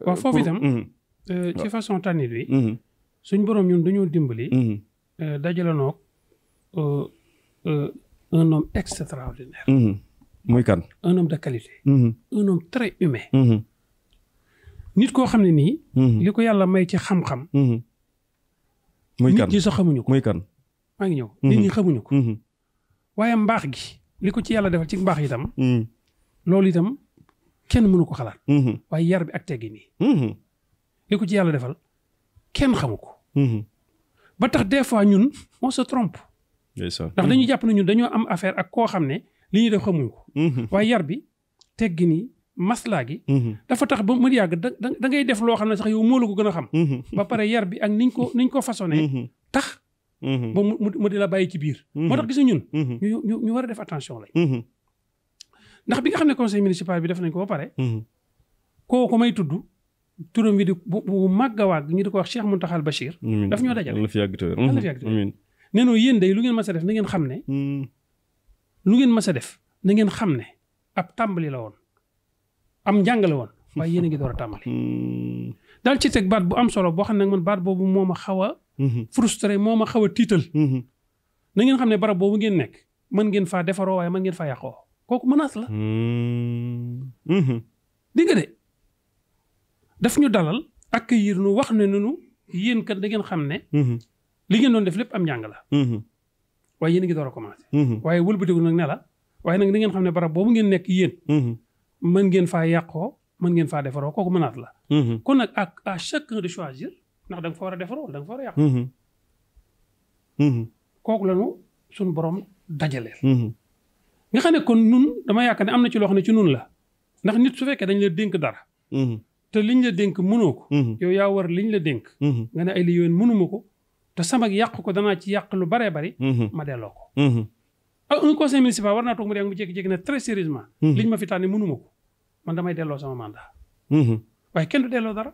waaw euh, foofu itam euh, ci façon tànnit bi suñ boroom ñun dañoo dimbali euh, dajalanoog un homme extraordinaire muy kan un de qualité un nit koo xam ne nii li ko yàlla may ci xam-xam muy kan nit ñi sax muy kan maa ngi ñëw nit ñi xamuñu ko waaye mbaax gi li ko ci yàlla defal ci mbaax itam loolu itam kenn mënu ko xalaat. Mm-hmm. waaye yar bi ak teggi nii. Mm-hmm. li ko ci yàlla defal kenn xamu ko. Mm-hmm. ba tax des fois ñun on se trompe. ndax dañuy jàpp na ñun dañoo am affaire ak koo xam ne li ñuy def xamuñ ko. waaye yar bi teggi nii maslaa gi. dafa tax ba mu yàgg da da ngay def loo xam ne sax yow moo la ko gën a xam. ba pare yar bi ak niñ ko niñ ko façonné. tax. ba mu mu di la bàyyi ci biir. moo tax gis ñun. ñu ñu ñu war a def attention lay. ndax bi nga xam ne conseil municipal bi def nañ ko ba pare. Mhm. ko may tudd turam bi di bu bu màgg a wàgg ñu di ko wax Cheikh Mountakhal Bachir. daf ñoo dajale la fi yàgg te wér. Mhm. nee noo yéen day lu ngeen mas a def na ngeen xam ne. Mhm. lu ngeen mas a def na ngeen xam ne ab tàmbali la woon am njàng woon waaye yéen a ngi door a tàmbali. daal ci teg baat bu am solo boo xam ne man baat boobu moo ma xaw a. frustré moo ma xaw a tiital. na ngeen xam ne barab boobu ngeen nekk mën ngeen faa defaroo waaye mën ngeen faa yàqoo. kooku menace la. Hmm. Hmm. di nga de daf ñu dalal accueillir nu wax ne nu yéen kat da ngeen xam ne. Hmm. li ngeen doon def lépp am njàng la. waaye yéen a ngi door a commencé. waaye wëlbatiku nag ne la waaye nag dangeen xam ne bara boobu ngeen nekk yéen. mën ngeen faa yàqoo mën ngeen faa defaroo kooku menace la. kon nag ak à chacun de choisir ndax da nga fa war a defaroo da nga fa war a yàqoo. kooku la ñu sunu borom dajaleel. nga xam ne kon nun dama yaakaar ne am na ci loo xam ne ci nun la ndax nit su fekkee dañ la dénk dara mm-hmm. te liñ la dénk mënoo ko mm-hmm. yow yaa war liñ la dénk mm-hmm. nga ne ay li yoon mënuma ko te sama yàq ko danaa ci yàq lu baree bari ma delloo ko ah un conseil municipal war naa toog mu dee mu jékki-jékki na très sérieusement liñ ma fi tànne mënuma ko man damay delloo sama mandat waaye kenn du delloo dara